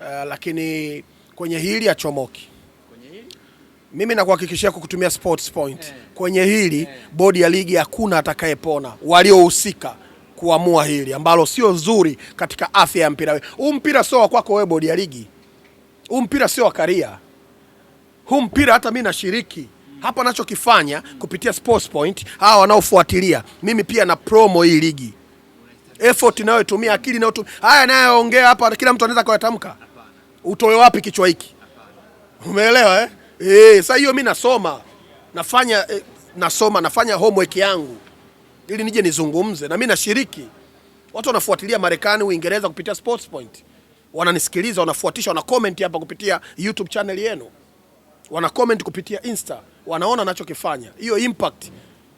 uh, lakini kwenye hili achomoki. Mimi nakuhakikishia kwa kutumia sports point hey. Eh. Kwenye hili hey. Eh. Bodi ya ligi hakuna atakayepona, waliohusika kuamua hili ambalo sio zuri katika afya ya mpira. Huu mpira sio wa kwako wewe, bodi ya ligi. Huu mpira sio wa Karia. Huu mpira hata mimi nashiriki hapa, nachokifanya kupitia sports point, hawa wanaofuatilia mimi pia na promo hii ligi, effort inayotumia akili inayotumia, haya nayoongea hapa, kila mtu anaweza kuyatamka utoe wapi kichwa hiki? Umeelewa eh? E, sasa hiyo mimi nasoma nafanya e, nasoma nafanya homework yangu ili nije nizungumze na mimi nashiriki. Watu wanafuatilia Marekani, Uingereza kupitia Sports Point, wananisikiliza, wanafuatisha, wana comment hapa kupitia YouTube channel yenu, wana comment kupitia Insta, wanaona nachokifanya. Hiyo impact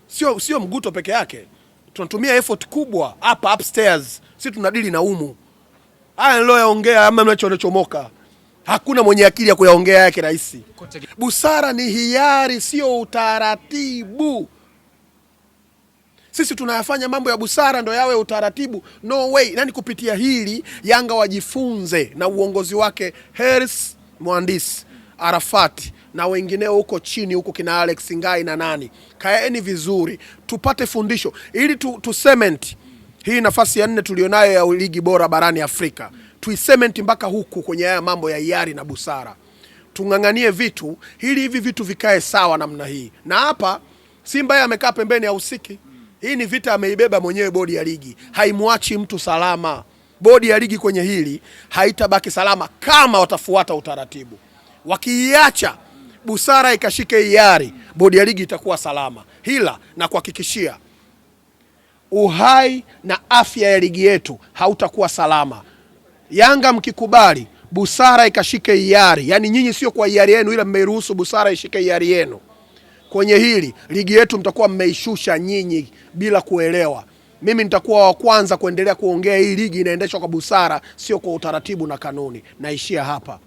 sio sio mguto peke yake, tunatumia effort kubwa hapa upstairs, si tunadili na umu haya niloyaongea ama mnachochomoka Hakuna mwenye akili ya kuyaongea yake rahisi. Busara ni hiari, sio utaratibu. Sisi tunayafanya mambo ya busara ndo yawe utaratibu. No way. Nani kupitia hili Yanga wajifunze na uongozi wake Hers Mhandisi Arafati na wengineo huko chini huko kina Alex Ngai na nani, kaeni vizuri tupate fundisho ili tu, tu cement hii nafasi ya nne tulionayo ya ligi bora barani Afrika tuisementi mpaka huku kwenye haya mambo ya hiari na busara, tung'ang'anie vitu hili hivi vitu vikae sawa namna hii. Na hapa Simba yeye amekaa pembeni, hausiki. Hii ni vita ameibeba mwenyewe bodi ya ligi, haimwachi mtu salama. Bodi ya ligi kwenye hili haitabaki salama kama watafuata utaratibu. Wakiiacha busara ikashike hiari, bodi ya ligi itakuwa salama. Hila na kuhakikishia uhai na afya ya ligi yetu hautakuwa salama Yanga mkikubali busara ikashike hiari, yaani nyinyi sio kwa hiari yenu, ila mmeiruhusu busara ishike hiari yenu kwenye hili, ligi yetu mtakuwa mmeishusha nyinyi bila kuelewa. Mimi nitakuwa wa kwanza kuendelea kuongea, hii ligi inaendeshwa kwa busara, sio kwa utaratibu na kanuni. Naishia hapa.